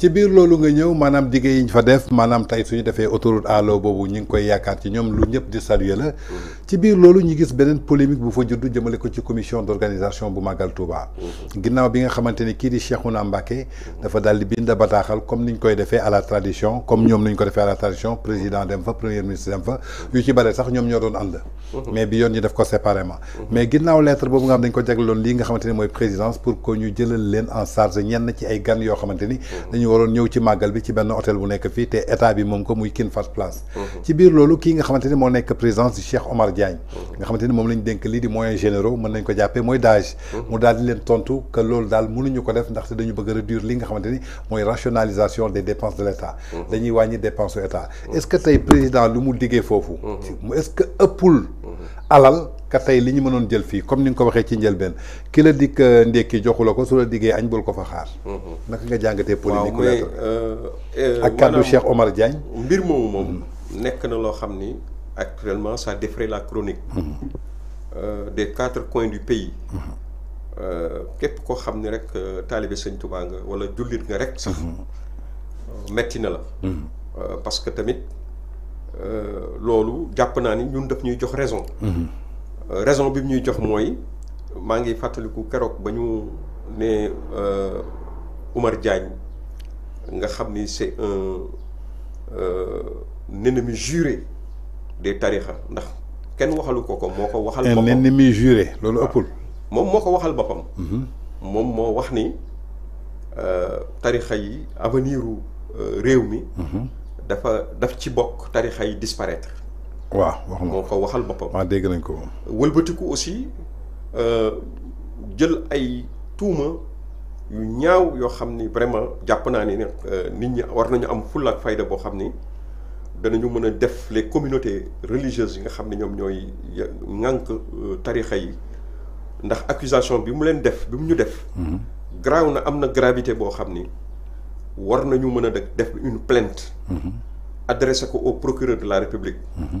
ci biir loolu nga ñëw maanaam diggé yiñ fa def maanaam tey suñu defee autoroute àllo boobu ñu ngi koy yaakaar ci ñoom lu ñëpp di saluer la ci biir loolu ñu gis beneen polémique bu fa judd jëmale ko ci commission d'organisation bu Magal Touba ginnaaw bi nga xamante ni kii di Cheikhouna Mbacké dafa daal di bind comme niñ koy defee à la tradition comme ñoom niñ ko defee à la tradition président dem fa premier ministre dem fa yu ci bare sax ñoom ñoo doon ànd mais bi yoon ñu def ko séparément mais ginnaaw lettre boobu nga xam dañ ko jagleloon lii nga xamante ni présidence pour que ñu jëlal leen en charge ñenn ci ay gan yoo xamante ni waroon ñëw ci màggal bi ci benn hôtel bu nekk fii te état bi moom ko muy King Fahd Palace mhm. ci biir loolu kii nga xamante ni nekk présidence du Cheikh Omar Diagne mhm. nga xamante ni moom lañ dénk lii di moyens généraux mën nañ ko jàppee mooy daaj mhm. mu daal di leen tontu que loolu daal mënuñu ko def ndaxte dañu bëgg a réduire li nga xamante ni rationalisation des dépenses de l'état état dañuy wàññi dépense u état est ce que tey président lu mu diggee foofu est ce que ëppul alal ka tey li ñu mënoon jël fii comme ni nga ko waxee ci njëlbeen ki la dikk euh, ndékki joxu ko su la diggee añ bul ko fa xaar. Mhm. naka nga jàngatee polémique. Euh, euh, ak kàddu Cheikh Omar Diagne. mbir moomu moom mhm. nekk na loo xam ni actuellement ça défraie la chronique. Mhm. des quatre coins du pays. képp koo xam ni rek taalibe sëñ Tuubaa nga wala jullit nga rek sax. metti na la. parce que tamit loolu jàpp naa ni ñun daf ñuy jox raison. raison bi ñuy jox mooy maa ngi fàttaliku keroog ba ñu ne euh, Oumar Diagne nga xam ni c'est un euh, ennemi juré des tarixa ndax kenn waxalu ko ko moo ko waxal boppam un ennemi juré loolu ëppul moom moo ko waxal boppam mhm. moom moo wax ni euh, tarixa yi avenir u euh, réew mi mhm. dafa daf ci bokk tarixa yi disparaître waaw wax moo ko waxal boppam. waaw dégg nañ ko moom. wëlbatiku aussi euh, jël ay tuuma yu ñaaw yoo xam ni vraiment jàpp naa ni nag euh, nit ñi war nañu am fulla ak fayda boo xam ni danañu mën a def les communautés religieuses yi nga xam ne ñoom ñooy ŋànk euh, tarixa yi ndax accusation bi mu leen def bi mu ñu def. Mhm. graaw na am na gravité boo xam ni war nañu mën a def une plainte. Mhm. adressé ko au procureur de la République. Mhm.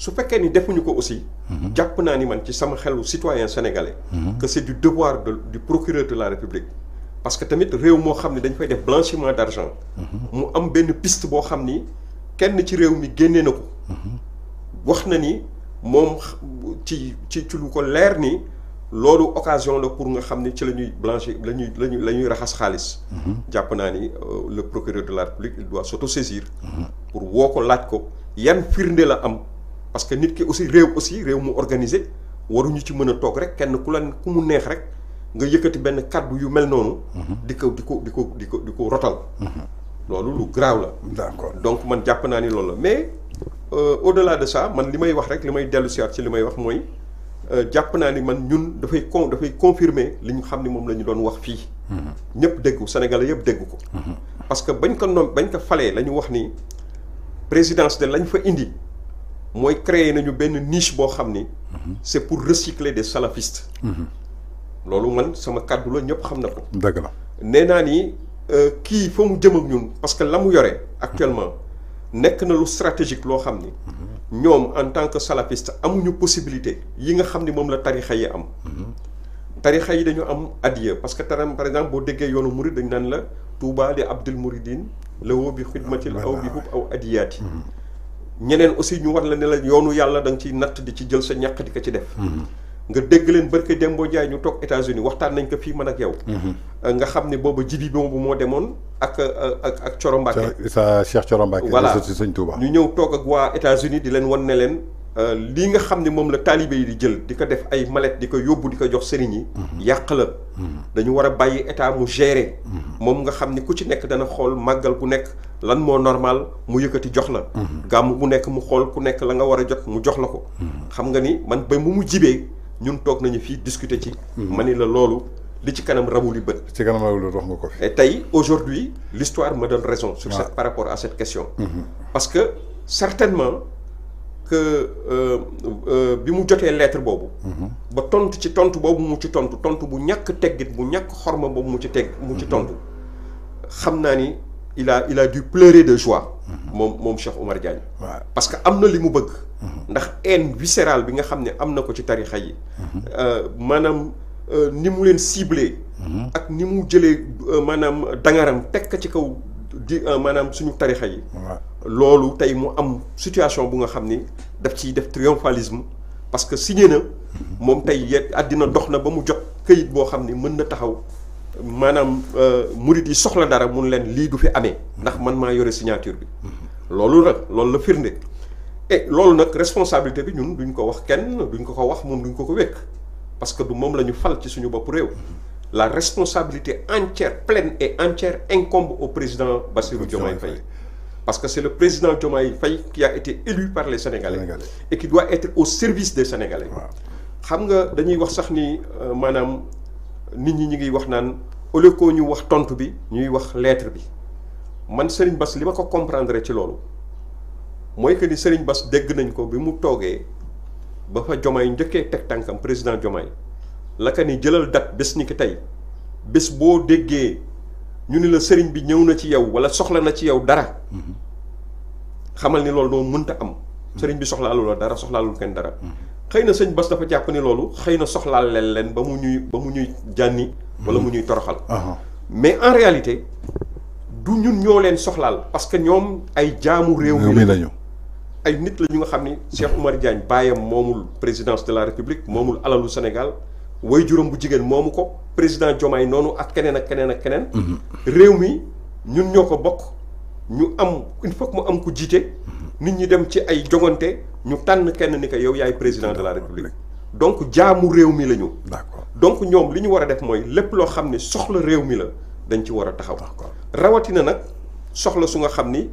su fekkee ni defuñu ko aussi. Mhm. jàpp naa ni man ci sama xelu citoyen sénégalais. Mhm. que c'est du devoir de du procureur de la république. parce que tamit réew mo xamni dañ fay def blanchiment d'argent, mhm. mu am ben piste bo xamni kenn ci réew mi génnee nako wax na ni mom ci ci ci lu ko leer ni lolu occasion la pour nga xamni ci lañuy ñuy blanchir lañuy ñuy la ñuy la raxas ni euh, le procureur de la république il doit s'autosaisir pour wo ko lacc ko yane firndé la am. parce que nit ki aussi réew aussi réew mu organisé waruñu ci mën a toog rek kenn ku leen ku mu neex rek nga yëkkati benn kàddu yu mel noonu. Mhm. di ko di ko di ko di ko di ko rotal. Mhm. loolu lu graaw la. d'accord donc man jàpp naa ni loolu la mais euh, au-delà de ça man li may wax rek li may dellu siwaat ci li may wax mooy euh, jàpp naa ni man ñun dafay con dafay confirmer li ñu xam ni moom la ñu doon wax fii. Mhm. ñëpp déggu Sénégalais yëpp dégg ko. parce que bañ ko noom bañ ko falee la ñu wax ni présidence de lañ fa indi. moy créer nañu ben niche bo xamné mhm. c'est pour recycler des salafistes. Mhm. loolu man sama kàddu la ñep xam na ko. la néna ni euh, kii fa mu jëm ak ñun parce que la yoré actuellement nek na lu stratégique lo xamné mhm. ñom en tant que salafiste amu ñu possibilité yi nga xamné mom la tarixa yi am. tarixa yi dañu am adiya parce que taram par exemple bo déggé yoonu murid dañ nan la Touba li Abdul Mouridine la woo bi xidmatil aw bi hub aw adiyati ñeneen aussi ñu war la ne la yoonu yàlla da nga ciy natt di ci jël sa ñàkk di ko ci def. nga dégg leen barke Dembo Ndiaye ñu toog États-Unis waxtaan nañ ko fii man ak yow. Mhm. nga xam ne booba jibi bi moom moo demoon ak ak ak Coro Mbacke. sa Cheikh Coro Mbacke. voilà sëñ Touba ñu ñëw toog ak waa états uni di leen wan ne leen. Euh, lii nga xam ne moom la taalibe yi di jël di ko def ay mallette di ko yóbbu di ko jox sëriñ yi. Mhm. yàq la. Mhm. dañu war a bàyyi état mu gérer. moom nga xam ne ku ci nekk dana xool màggal ku nekk. lan moo normal mu yëkkati jox la. gàmm bu nekk mu xool ku nekk la nga war a jot mu jox la ko. xam nga ni man ba mu mu jibee ñun toog nañu fii discuter ci. ma la loolu li ci kanam rabu li bët. ci kanam rabu wax nga ko fi. et tey aujourd'hui l'histoire me donne raison. sur cette par rapport à cette question. Mhm. parce que certainement que euh, euh, bi mu jotee lettre boobu. Mhm. ba tontu ci tontu boobu mu ci tontu tontu bu ñàkk teggit bu ñàkk xorma boobu mu ci teg mu ci mhm. tontu xam ni. il a il a dû pleurer de joie. mon mhm. mon Cheikh Omar Diagne. parce que am na li mu bëgg. Mhm. ndax haine viscérale bi nga xam ne am na ko ci tarixa yi. Mhm. Euh, maanaam euh, ni mu leen ciblé. ak ni mu jëlee euh, maanaam dangaram tek ci kaw di manam suñu tarixa yi. loolu tay mu am situation bu nga xam daf ci def triomphalisme parce que signé na mom tay yet àddina dox na ba mu jot këyit boo na taxaw. Madame euh, Mouridi yi soxla dara mun len li du fi amé ndax man ma yoré signature bi loolu nag loolu la et c'est nak responsabilité bi ñun duñ ko wax kenn duñ ko ko wax duñ ko ko parce que du mom lañu fal ci suñu la responsabilité entière pleine et entière incombe au président Bassirou Diomaye Faye parce que c'est le président Diomaye Faye qui a été élu par les Sénégalais, et qui doit être au service des Sénégalais xam nga dañuy wax sax ni euh, manam nit ñi ñu ngi wax naan au lieu que ñu wax tontu bi ñuy wax leetre bi man Serigne Bass li ma ko comprendre ci loolu mooy que ni Serigne Bass dégg nañ ko bi mu toogee ba fa Diomaye njëkkee teg tànkam président Diomaye la ka ni jëlal date bés ni ki tey bés boo déggee ñu ni la Serigne bi ñëw na ci yow wala soxla na ci yow dara mhm. xamal ni loolu doo mënta am. Serigne bi soxlaalul la dara soxlaalul kenn dara. Mhm. xëy na sëñ Bas dafa jàpp ni loolu xëy na soxlaal leen leen ba mu ñuy ba mu ñuy jànni. wala mu mhm. ñuy toroxal. Uh-huh. mais en réalité du ñun ñoo leen soxlaal parce que ñoom ay jaamu réew mi lañu ay nit la ñu nga xam ni Cheikh Oumar Diagne baayam moomul présidence de République moomul alalu Sénégal way juróom bu jigéen moomu ko président Diomaye noonu ak keneen ak keneen ak keneen. Mhm. réew mi ñun ñoo ko bokk ñu am il faut mu am ku jiite. Mhm. nit ñi dem ci ay jogante. ñu tànn kenn ni que yow yaay président de la république donc jaamu réew mi la ñu donc ñoom li ñu war a def mooy lépp loo xam ni soxla réew mi la dañ ci war a taxaw rawatina nag soxla su nga xam ni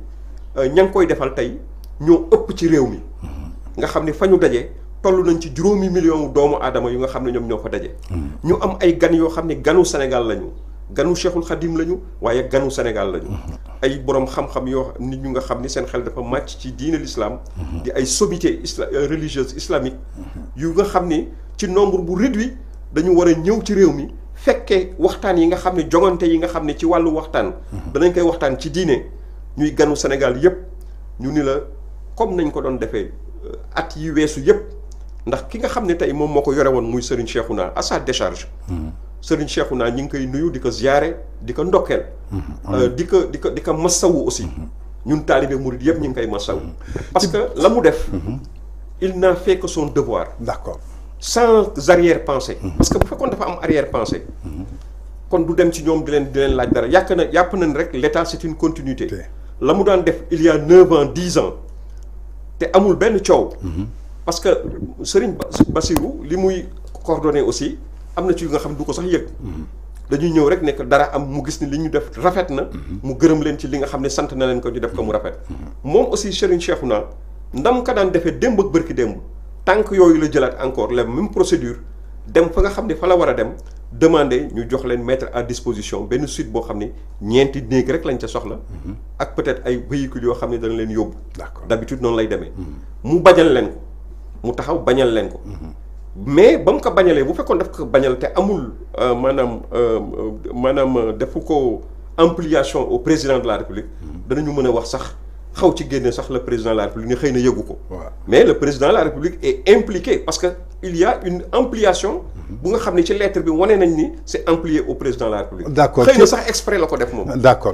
euh, ña ngi koy defal tey ñoo ëpp ci réew mi mm-hmm. nga xam ni fa ñu daje toll nañ ci juróomi million doomu aadama yu nga xam ne ñoom ñoo fa daje mm-hmm. ñu am ay gan yoo xam ni ganu Sénégal lañu ganu cheikhul xadim lañu waaye ganu Sénégal lañu. Mhm. ay borom xam-xam yoo nit ñu nga xam ni seen xel dafa màcc ci diine l'islam mhm. di ay sommité isla euh, religieuse islamique. Mhm. yu nga xam ni ci nombre bu réduit dañu war a ñëw ci réew mi fekkee waxtaan yi nga xam ne jongante yi nga xam ne ci wàllu waxtaan. danañ koy waxtaan ci diine ñuy ganu Sénégal yépp ñu ni la comme nañ ko doon defee euh, at yi weesu yépp ndax ki nga xam ne tey moom moo ko yore woon muy Serigne Cheikhouna à sa décharge. Serigne naa ñu ngi koy nuyu di ko ziare di ko ndokkeel. Mm-hmm. Euh, di ko di ko di ko masawu aussi. Mm-hmm. ñun taalibe murid yëpp ñu ngi koy masawu. Mm-hmm. parce que la mu def. il n'a fait que son devoir. d'accord sans arrière-pensée. parce que bu fekkoon dafa am arrière-pensée. kon du dem ci ñoom di leen di leen laaj dara yàq na yàpp nañ rek l'État c'est une continuité. la mu daan def il y a neuf ans dix te amul benn coow. parce que Serigne Bassirou li muy coordonné aussi. am na ci yu nga xam du ko sax yëg mhm. dañuy ñëw rek nekk dara am mu gis ni li ñu def rafet na mhm. mu gërëm leen ci li nga xam ne sant na leen ko ñu def ko mu mhm. rafet moom aussi Serigne Cheikhouna ndam ka daan defee démb ak bërki démb tànk yooyu la jëlaat encore la même procédure dem fa nga xam ne fa la war a dem demande ñu jox leen mettre à disposition benn suite boo xam ne ñeenti néeg rek lañ ca soxla ak peut-être ay véhicules yoo xam ne dana leen yóbbu d'habitude noonu lay demee mu bañal leen mu taxaw bañal leen ko mais bam ko bañalee bu fekkoon daf ko bañal te amul euh, maanaam euh, euh, manam defu ko ampliation au président de la république. Hmm. danañu mën a wax sax xaw ci génne sax le président de la république ne xeyna na yëgu ko. mais le président de la république est impliqué parce que il y a une ampliation. Hmm. bu nga xamné ci lettre bi wane nañ ni c'est amplié au président de la république. d'accord xëy na sax exprès lako def mom d'accord.